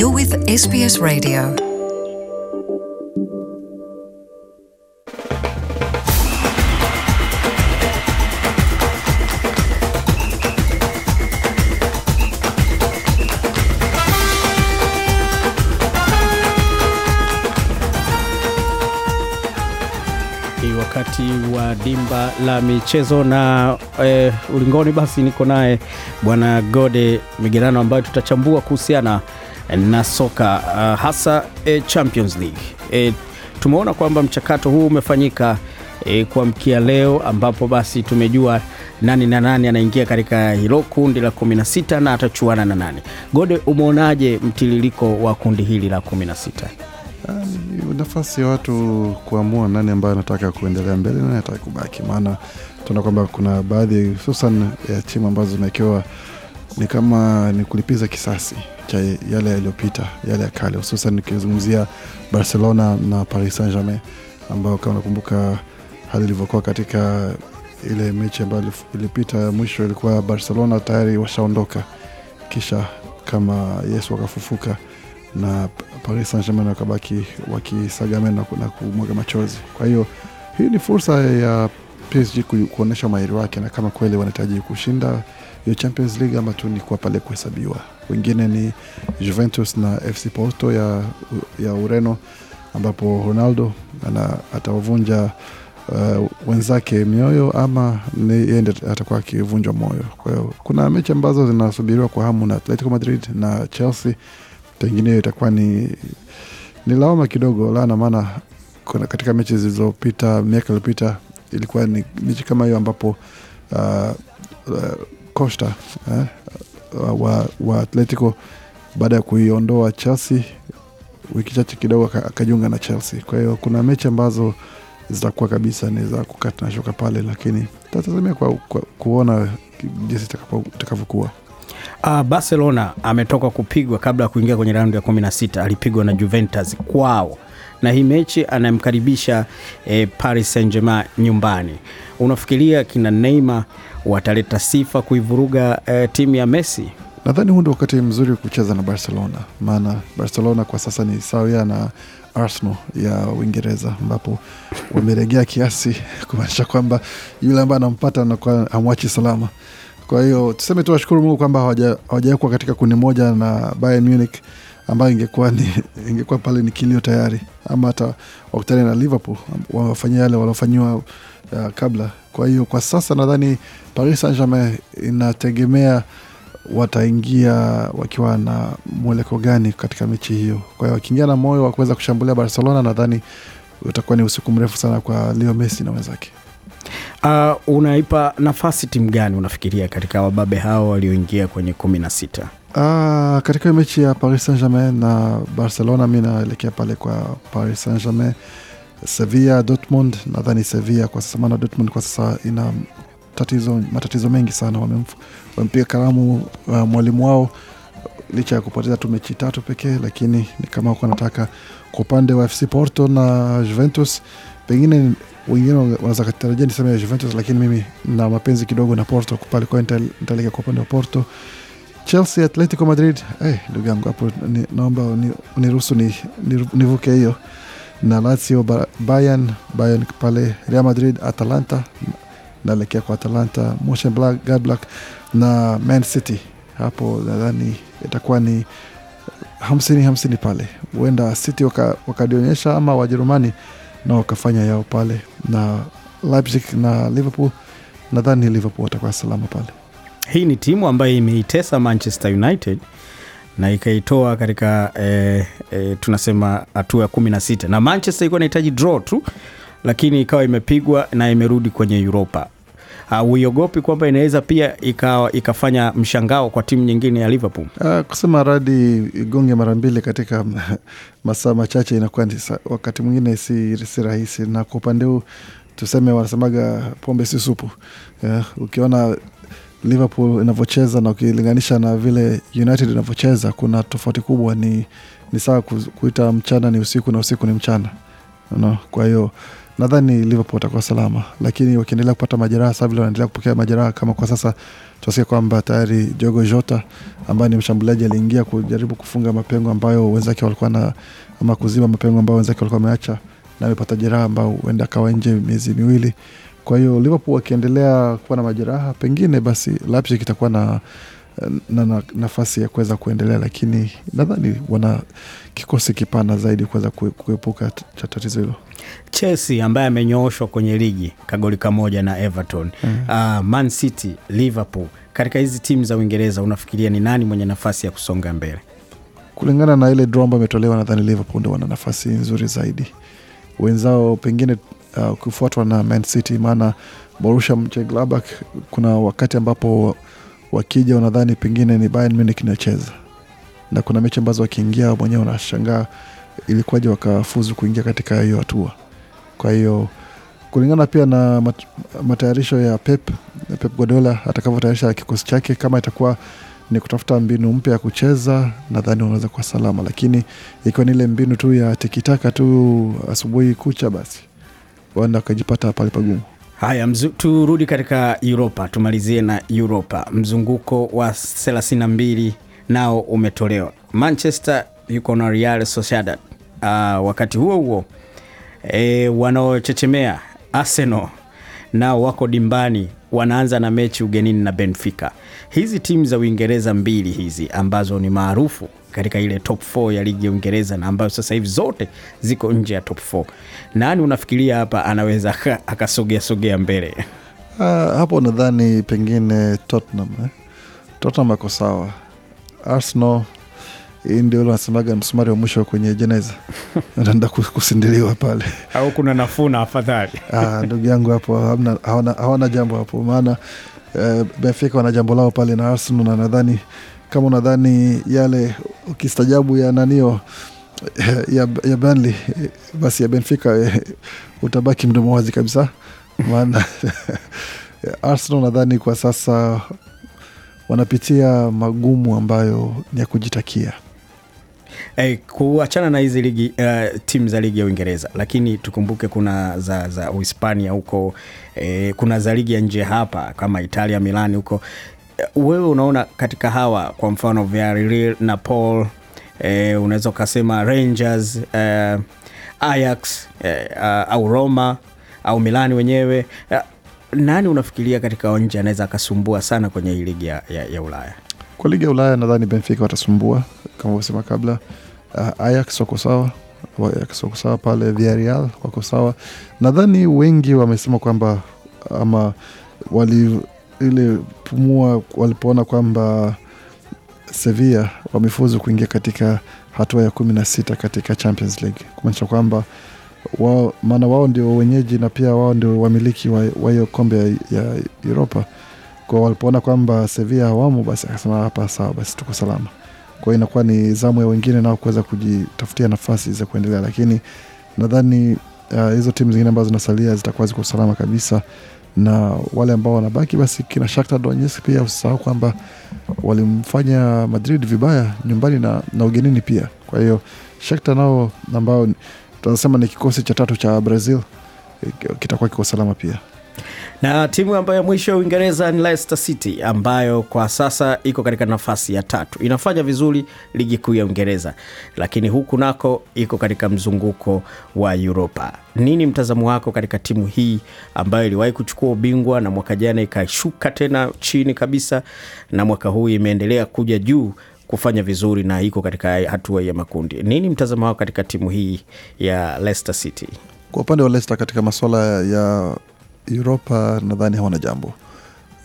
You're with SBS Radio. wakati wa dimba la michezo na eh, ulingoni. Basi niko naye Bwana Gode Migerano ambayo tutachambua kuhusiana na soka uh, hasa e, Champions League. E, tumeona kwamba mchakato huu umefanyika e, kuamkia leo ambapo basi tumejua nani na nani anaingia katika hilo kundi la 16 na atachuana na nani. Gode, umeonaje mtiririko wa kundi hili la 16? Um, ah, nafasi ya watu kuamua nani ambayo anataka kuendelea mbele na anataka kubaki, maana tunaona kwamba kuna baadhi hususan ya timu ambazo zimewekewa ni kama ni kulipiza kisasi cha yale yaliyopita, yale ya kale, hususan nikizungumzia Barcelona na Paris Saint Germain, ambao kama nakumbuka hali ilivyokuwa katika ile mechi ambayo ilipita mwisho, ilikuwa Barcelona tayari washaondoka, kisha kama Yesu wakafufuka na Paris Saint Germain wakabaki wakisagamena na kumwaga machozi. Kwa hiyo hii ni fursa ya PSG kuonyesha umahiri wake, na kama kweli wanahitaji kushinda hiyo Champions League ama tu ni kuwa pale kuhesabiwa. Wengine ni Juventus na FC Porto ya, ya Ureno ambapo Ronaldo ana, atawavunja uh, wenzake mioyo ama yeye atakuwa akivunjwa moyo. Kwa hiyo kuna mechi ambazo zinasubiriwa kwa hamu na Atletico Madrid na Chelsea, pengine hiyo itakuwa ni, ni lawama kidogo na maana katika mechi zilizopita miaka iliyopita ilikuwa ni mechi kama hiyo ambapo uh, uh, Costa eh, wa, wa Atletico baada ya kuiondoa Chelsea wiki chache kidogo akajiunga na Chelsea. Kwa hiyo kuna mechi ambazo zitakuwa kabisa ni za kukata na shoka pale, lakini tatazamia kwa, kwa, kuona jinsi itakavyokuwa. Uh, Barcelona ametoka kupigwa kabla ya kuingia kwenye raundi ya kumi na sita alipigwa na Juventus kwao na hii mechi anayemkaribisha eh, Paris Saint-Germain nyumbani. Unafikiria kina Neymar wataleta sifa kuivuruga eh, timu ya Messi? Nadhani huu ndio wakati mzuri wa kucheza na Barcelona, maana Barcelona kwa sasa ni sawia na Arsenal ya Uingereza, ambapo wameregea kiasi, kumaanisha kwamba yule ambaye anampata anakuwa amwachi salama. Kwa hiyo tuseme tu washukuru Mungu kwamba hawajawekwa katika kundi moja na Bayern Munich ambayo ingekuwa ni, ingekuwa pale ni kilio tayari, ama hata wakutane na Liverpool wawafanyia yale waliofanyiwa uh, kabla. Kwa hiyo kwa sasa nadhani Paris Saint Germain inategemea wataingia wakiwa na mweleko gani katika mechi hiyo. Kwa hiyo wakiingia na moyo wa kuweza kushambulia Barcelona, nadhani utakuwa ni usiku mrefu sana kwa Leo Messi na wenzake. Uh, unaipa nafasi timu gani unafikiria katika wababe hao walioingia kwenye kumi na sita? Uh, katika mechi ya Paris Saint-Germain na Barcelona, mi naelekea pale kwa Paris Saint-Germain. Sevilla, Dortmund, nadhani Sevilla kwa sasa, maana Dortmund kwa sasa ina tatizo, matatizo mengi sana, wamempiga kalamu uh, mwalimu wao licha ya kupoteza tu mechi tatu pekee, lakini ni kama wako nataka kwa upande wa FC Porto na Juventus, pengine wengine wanaweza kutarajia niseme ya Juventus, lakini mimi na mapenzi kidogo na Porto pale, kwa nitaelekea kwa upande wa Porto. Chelsea, Atletico Madrid. Hey, eh, ndugu yangu hapo naomba uniruhusu ni, ni, nivuke hiyo na Lazio, Bayern, Bayern pale, Real Madrid, Atalanta, naelekea kwa Atalanta, Mönchengladbach na Man City. Hapo nadhani itakuwa ni hamsini hamsini pale, huenda City wakadionyesha waka ama Wajerumani na wakafanya yao pale, na Leipzig na Liverpool, nadhani Liverpool watakuwa salama pale. Hii ni timu ambayo imeitesa Manchester United na ikaitoa katika eh, eh, tunasema hatua ya kumi na Manchester ilikuwa inahitaji draw tu, lakini ikawa imepigwa na imerudi kwenye uropa Hauiogopi ah, uh, kwamba inaweza pia ika, ikafanya mshangao kwa timu nyingine ya Liverpool? Uh, kusema radi igonge mara mbili katika masaa machache inakuwa wakati mwingine si, si rahisi, na kwa upande huu tuseme, wanasemaga pombe si supu. yeah, ukiona Liverpool inavyocheza na ukilinganisha na vile United inavyocheza kuna tofauti kubwa. Ni, ni saa kuita mchana ni usiku na usiku ni mchana no? Kwa hiyo nadhani Liverpool atakuwa salama, lakini wakiendelea kupata majeraha sa vile wanaendelea kupokea majeraha kama kwa sasa, tunasikia kwamba tayari Diogo Jota ambaye ni mshambuliaji aliingia kujaribu kufunga mapengo ambayo wenzake walikuwa na ama kuziba mapengo ambayo wenzake walikuwa wameacha na amepata jeraha ambao huenda akawa nje miezi miwili. Kwa hiyo Liverpool akiendelea kuwa na majeraha, pengine basi Leipzig itakuwa na na, na nafasi ya kuweza kuendelea, lakini nadhani wana kikosi kipana zaidi kuweza kuepuka cha tatizo hilo. Chelsea ambaye amenyooshwa kwenye ligi kagoli kamoja na Everton mm. Uh, Man City, Liverpool, katika hizi timu za Uingereza unafikiria ni nani mwenye nafasi ya kusonga mbele? Kulingana na ile draw ambayo imetolewa, nadhani Liverpool ndio wana nafasi nzuri zaidi. Wenzao pengine uh, kufuatwa na Man City, maana Borussia Monchengladbach kuna wakati ambapo wakija unadhani pengine ni Bayern Munich inacheza, na kuna mechi ambazo wakiingia mwenyewe unashangaa ilikuwaje wakafuzu kuingia katika hiyo hatua. Kwa hiyo kulingana pia na mat, matayarisho ya Pep, Pep Guardiola atakavyotayarisha kikosi chake, kama itakuwa ni kutafuta mbinu mpya ya kucheza, nadhani unaweza kuwa salama, lakini ikiwa ni ile mbinu tu ya tikitaka tu asubuhi kucha, basi wanda akajipata pale pagumu. Haya, turudi katika Uropa, tumalizie na Uropa. Mzunguko wa 32 nao umetolewa, Manchester yuko na Real Sociedad. Uh, wakati huo huo e, wanaochechemea Arsenal nao wako dimbani wanaanza na mechi ugenini na Benfica. Hizi timu za Uingereza mbili hizi ambazo ni maarufu katika ile top 4 ya ligi ya Uingereza na ambayo sasa hivi zote ziko nje ya top 4. Nani unafikiria hapa anaweza akasogea sogea mbele? Uh, hapo nadhani pengine Tottenham eh? Tottenham ako sawa. Arsenal hii ndio nasemaga msumari wa mwisho kwenye jeneza naenda kusindiliwa pale au kuna nafuna afadhali ah, ndugu yangu hapo hawana, hawana jambo hapo maana eh, benfica wana jambo lao pale na arsenal na nadhani kama unadhani yale ukistajabu ya nanio eh, ya, ya Burnley eh, basi ya Benfica eh, utabaki mdomo wazi kabisa, maana Arsenal nadhani kwa sasa wanapitia magumu ambayo ni ya kujitakia. Eh, kuachana na hizi ligi uh, eh, timu za ligi ya Uingereza, lakini tukumbuke kuna za za Uhispania huko eh, kuna za ligi ya nje hapa kama Italia Milani huko. Eh, wewe unaona katika hawa kwa mfano Villarreal, Napoli eh, unaweza ukasema Rangers eh, Ajax eh, au Roma au Milani wenyewe eh, nani unafikiria katika nje anaweza akasumbua sana kwenye hii ligi ya, ya, ya Ulaya? Kwa ligi ya Ulaya nadhani Benfica watasumbua kama vyosema kabla. Uh, Ajax wako sawa, Ajax wako sawa pale, Villarreal wako sawa. Nadhani wengi wamesema kwamba ama wali ile pumua walipoona kwamba Sevilla wamefuzu kuingia katika hatua ya kumi na sita katika Champions League, kumaanisha kwamba wao, maana wao ndio wenyeji na pia wao ndio wamiliki wa hiyo kombe ya, ya kwao walipoona kwamba Sevilla hawamo, basi akasema hapa, sawa, basi tuko salama. Kwa hiyo inakuwa ni zamu ya wengine nao kuweza kujitafutia nafasi za kuendelea, lakini nadhani uh, hizo uh, timu zingine ambazo zinasalia zitakuwa ziko salama kabisa, na wale ambao wanabaki basi kina Shakhtar Donetsk pia usisahau kwamba walimfanya Madrid vibaya nyumbani na, na ugenini pia. Kwa hiyo Shakhtar nao ambao tunasema ni kikosi cha tatu cha Brazil eh, kitakuwa kiko salama pia na timu ambayo mwisho ya Uingereza ni Leicester City ambayo kwa sasa iko katika nafasi ya tatu, inafanya vizuri ligi kuu ya Uingereza, lakini huku nako iko katika mzunguko wa Uropa. Nini mtazamo wako katika timu hii ambayo iliwahi kuchukua ubingwa na mwaka jana ikashuka tena chini kabisa, na mwaka huu imeendelea kuja juu kufanya vizuri na iko katika hatua ya makundi? Nini mtazamo wako katika timu hii ya Leicester City? Kwa upande wa Leicester katika masuala ya uropa nadhani hawana jambo,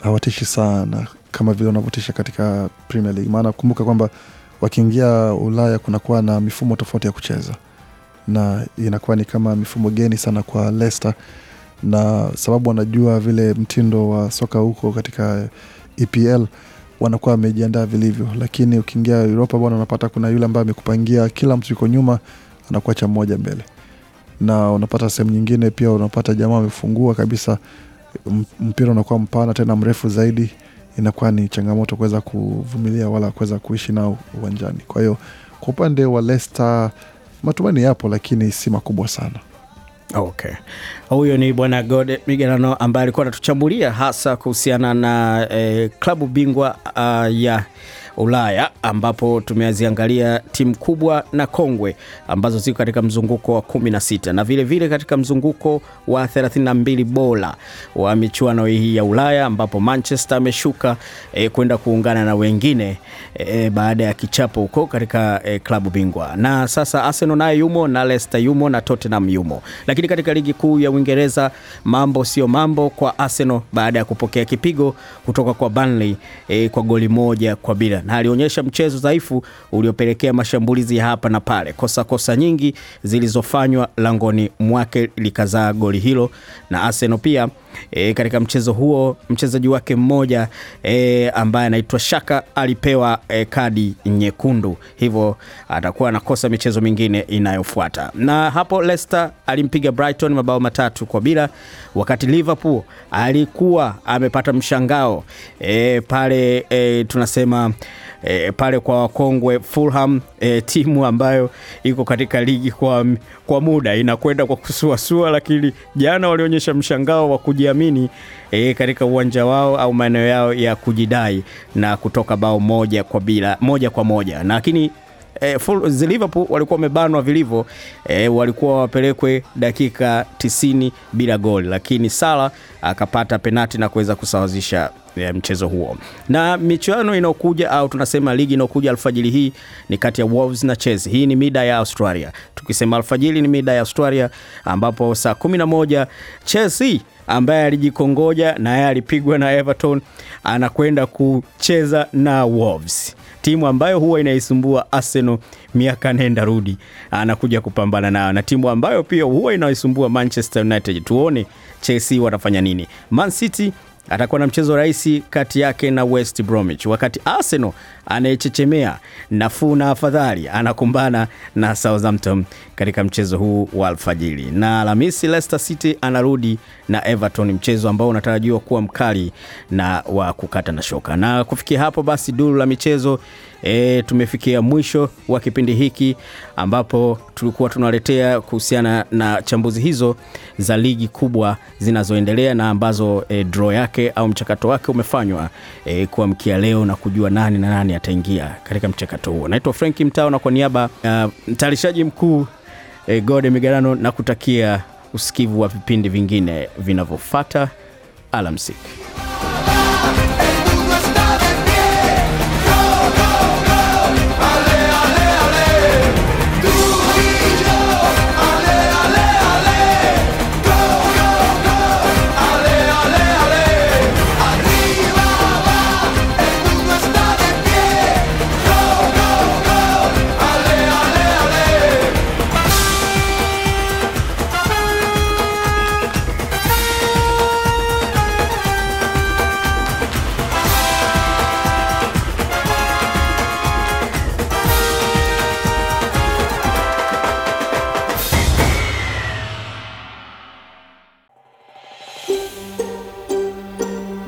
hawatishi sana kama vile wanavyotisha katika Premier League, maana kumbuka kwamba wakiingia Ulaya kunakuwa na mifumo tofauti ya kucheza na inakuwa ni kama mifumo geni sana kwa Leicester, na sababu wanajua vile mtindo wa soka huko katika EPL wanakuwa wamejiandaa vilivyo, lakini ukiingia Uropa bwana, unapata kuna yule ambaye amekupangia kila mtu yuko nyuma, anakuacha mmoja mbele na unapata sehemu nyingine pia unapata jamaa amefungua kabisa mpira unakuwa mpana tena mrefu zaidi, inakuwa ni changamoto kuweza kuvumilia wala kuweza kuishi nao uwanjani. Kwa hiyo kwa upande wa lesta matumaini yapo, lakini si makubwa sana. ok huyo ni bwana Gode Migerano ambaye alikuwa anatuchambulia hasa kuhusiana na eh, klabu bingwa uh, ya Ulaya ambapo tumeziangalia timu kubwa na kongwe ambazo ziko katika mzunguko wa 16 na vilevile vile katika mzunguko wa 32 bora wa michuano hii ya Ulaya ambapo Manchester ameshuka e, kwenda kuungana na wengine e, baada ya kichapo huko katika e, klabu bingwa. Na sasa Arsenal naye yumo na Leicester yumo na Tottenham yumo, lakini katika ligi kuu ya Uingereza mambo sio mambo kwa Arsenal baada ya kupokea kipigo kutoka kwa Burnley e, kwa goli moja kwa bila na alionyesha mchezo dhaifu uliopelekea mashambulizi ya hapa na pale, kosa kosa nyingi zilizofanywa langoni mwake likazaa goli hilo. Na Arsenal pia e, katika mchezo huo mchezaji wake mmoja e, ambaye anaitwa Shaka alipewa e, kadi nyekundu, hivyo atakuwa anakosa michezo mingine inayofuata. Na hapo Leicester alimpiga Brighton mabao matatu kwa bila, wakati Liverpool alikuwa amepata mshangao e, pale e, tunasema e, pale kwa wakongwe Fulham, e, timu ambayo iko katika ligi kwa, kwa muda inakwenda kwa kusuasua, lakini jana walionyesha mshangao wa kujiamini e, katika uwanja wao au maeneo yao ya kujidai na kutoka bao moja kwa bila moja kwa moja lakini eh, full, Liverpool walikuwa wamebanwa vilivyo eh, walikuwa wapelekwe dakika 90 bila goli, lakini Salah akapata penati na kuweza kusawazisha ya eh, mchezo huo. Na michuano inayokuja au tunasema ligi inayokuja alfajili hii ni kati ya Wolves na Chelsea. Hii ni mida ya Australia. Tukisema alfajili ni mida ya Australia ambapo saa 11 Chelsea ambaye alijikongoja na yeye alipigwa na Everton anakwenda kucheza na Wolves timu ambayo huwa inaisumbua Arsenal miaka nenda rudi, anakuja kupambana nayo na timu ambayo pia huwa inaisumbua Manchester United. Tuone Chelsea watafanya nini. Man City atakuwa na mchezo rahisi kati yake na West Bromwich, wakati Arsenal anayechechemea nafuu na afadhali anakumbana na Southampton katika mchezo huu wa alfajiri. Na Alhamisi Leicester City anarudi na Everton, mchezo ambao unatarajiwa kuwa mkali na wa kukata na shoka. Na kufikia hapo basi duru la michezo E, tumefikia mwisho wa kipindi hiki ambapo tulikuwa tunaletea kuhusiana na chambuzi hizo za ligi kubwa zinazoendelea na ambazo e, draw yake au mchakato wake umefanywa e, kuamkia leo na kujua nani na nani ataingia katika mchakato huo. Naitwa Frank Mtao na kwa niaba ya uh, mtayarishaji mkuu e, Gode Migarano na kutakia usikivu wa vipindi vingine vinavyofuata. Alamsiki.